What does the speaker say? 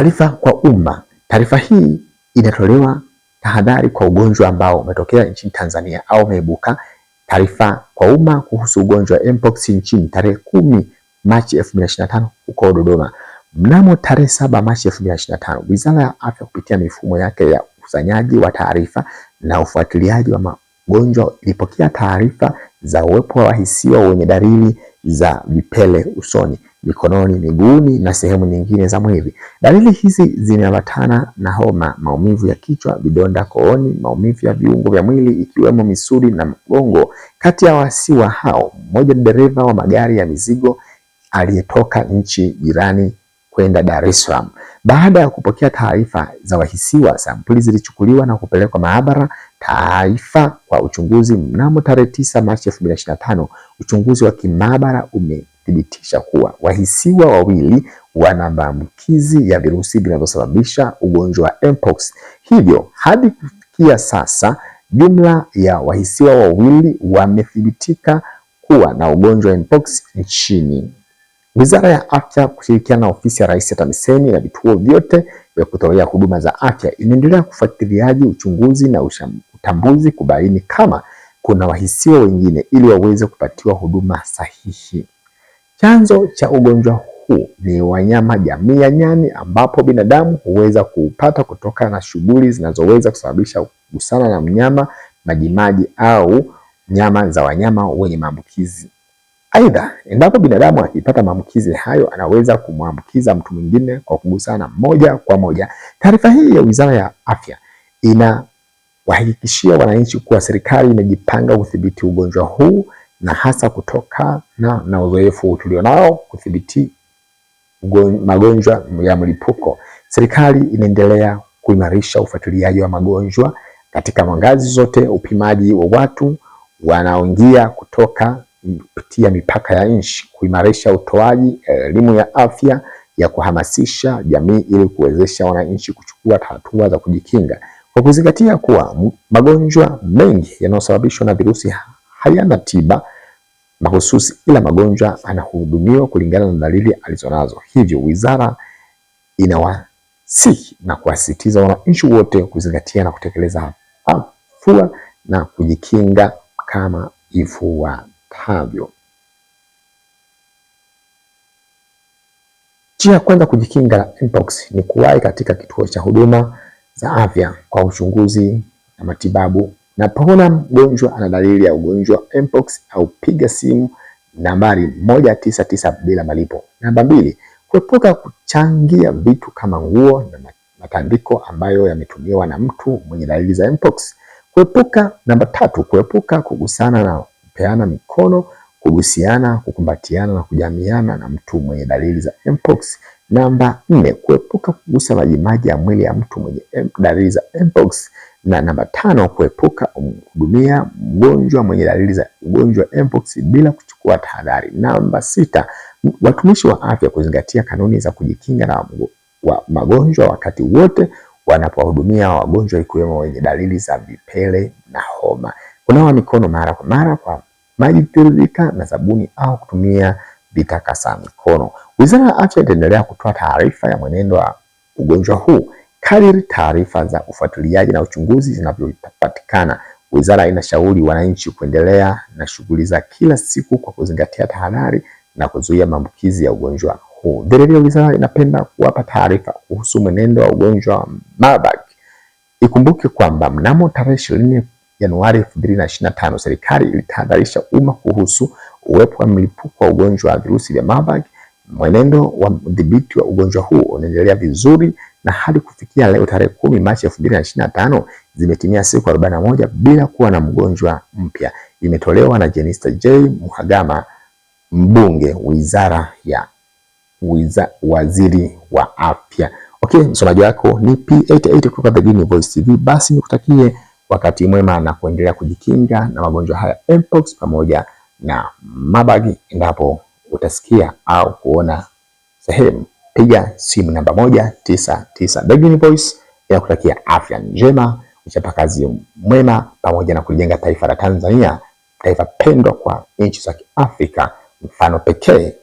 Taarifa kwa umma. Taarifa hii inatolewa tahadhari kwa ugonjwa ambao umetokea nchini Tanzania au umeibuka. Taarifa kwa umma kuhusu ugonjwa wa mpox nchini tarehe kumi Machi 2025 huko Dodoma. Mnamo tarehe saba Machi 2025, Wizara ya Afya kupitia mifumo yake ya ukusanyaji wa taarifa na ufuatiliaji wa magonjwa ilipokea taarifa za uwepo wa wahisiwa wenye dalili za vipele usoni, mikononi, miguuni na sehemu nyingine za mwili. Dalili hizi zinaambatana na homa, maumivu ya kichwa, vidonda kooni, maumivu ya viungo vya mwili ikiwemo misuli na mgongo. Kati ya wahisiwa hao, mmoja ni dereva wa magari ya mizigo aliyetoka nchi jirani kwenda Dar es Salaam. Baada ya kupokea taarifa za wahisiwa, sampuli zilichukuliwa na kupelekwa maabara taifa kwa uchunguzi mnamo tarehe 9 Machi 2025, uchunguzi wa kimaabara umethibitisha kuwa wahisiwa wawili wana maambukizi ya virusi vinavyosababisha ugonjwa wa mpox. Hivyo hadi kufikia sasa jumla ya wahisiwa wawili wamethibitika kuwa na ugonjwa wa mpox nchini. Wizara ya Afya kushirikiana na ofisi ya Rais ya TAMISEMI na vituo vyote vya kutolea huduma za afya inaendelea kufuatiliaji uchunguzi na utambuzi kubaini kama kuna wahisiwa wengine ili waweze kupatiwa huduma sahihi. Chanzo cha ugonjwa huu ni wanyama jamii ya nyani ambapo binadamu huweza kuupata kutoka na shughuli zinazoweza kusababisha kugusana na mnyama majimaji au nyama za wanyama wenye maambukizi. Aidha, endapo binadamu akipata maambukizi hayo anaweza kumwambukiza mtu mwingine kwa kugusana moja kwa moja. Taarifa hii ya Wizara ya Afya ina wahakikishia wananchi kuwa serikali imejipanga kudhibiti ugonjwa huu na hasa kutokana na, na uzoefu tulionao kudhibiti magonjwa ya mlipuko. Serikali inaendelea kuimarisha ufuatiliaji wa magonjwa katika ngazi zote, upimaji wa watu wanaoingia kutoka kupitia mipaka ya nchi, kuimarisha utoaji eh, elimu ya afya ya kuhamasisha jamii ili kuwezesha wananchi kuchukua hatua za kujikinga. Kwa kuzingatia kuwa magonjwa mengi yanayosababishwa na virusi hayana tiba mahususi ila magonjwa anahudumiwa kulingana na dalili alizonazo. Hivyo wizara inawasihi na kuwasisitiza wananchi wote kuzingatia na kutekeleza afua na kujikinga kama ifuatavyo. Njia ya kwanza kujikinga na mpox ni kuwahi katika kituo cha huduma za afya kwa uchunguzi na matibabu, na mgonjwa ana dalili ya ugonjwa mpox au piga simu nambari moja tisa bila malipo. Namba mbili, kuepuka kuchangia vitu kama nguo na matandiko ambayo yametumiwa na mtu mwenye dalili za mpox. Kuepuka namba tatu, kuepuka kugusana na kupeana mikono, kugusiana, kukumbatiana na kujamiana na mtu mwenye dalili za mpox. Namba nne, kuepuka kugusa majimaji ya mwili ya mtu mwenye dalili za mpox, na namba tano, kuepuka kumhudumia mgonjwa mwenye dalili za ugonjwa mpox bila kuchukua tahadhari. Namba sita, watumishi wa afya kuzingatia kanuni za kujikinga na wa magonjwa wakati wote wanapowahudumia wagonjwa ikiwemo wenye dalili za vipele na homa. Kunawa mikono mara kwa mara kwa maji tiririka na sabuni au kutumia vitakasa mikono. Wizara ya Afya itaendelea kutoa taarifa ya mwenendo wa ugonjwa huu kadiri taarifa za ufuatiliaji na uchunguzi zinavyopatikana. Wizara inashauri wananchi kuendelea na shughuli za kila siku kwa kuzingatia tahadhari na kuzuia maambukizi ya ugonjwa huu. Vilevile, wizara inapenda kuwapa taarifa kuhusu mwenendo wa ugonjwa wa Marburg. Ikumbuke kwamba mnamo tarehe ishirini Januari 2025 serikali ilitahadharisha umma kuhusu uwepo wa mlipuko wa ugonjwa wa virusi vya Marburg Mwenendo wa udhibiti wa ugonjwa huu unaendelea vizuri na hadi kufikia leo tarehe kumi Machi elfu mbili na ishirini na tano zimetimia siku arobaini na moja bila kuwa na mgonjwa mpya. Imetolewa na Jenista J Mhagama, mbunge wizara ya wiza, waziri wa afya. Okay, msomaji wako ni P88 kutoka The Green Voice TV. Basi nikutakie wakati mwema na kuendelea kujikinga na magonjwa haya mpox pamoja na mabagi endapo utasikia au kuona sehemu. Piga simu namba moja tisa tisa. Begin Voice inakutakia afya njema, uchapakazi mwema, pamoja na kulijenga taifa la Tanzania, taifa pendwa kwa nchi za Kiafrika, mfano pekee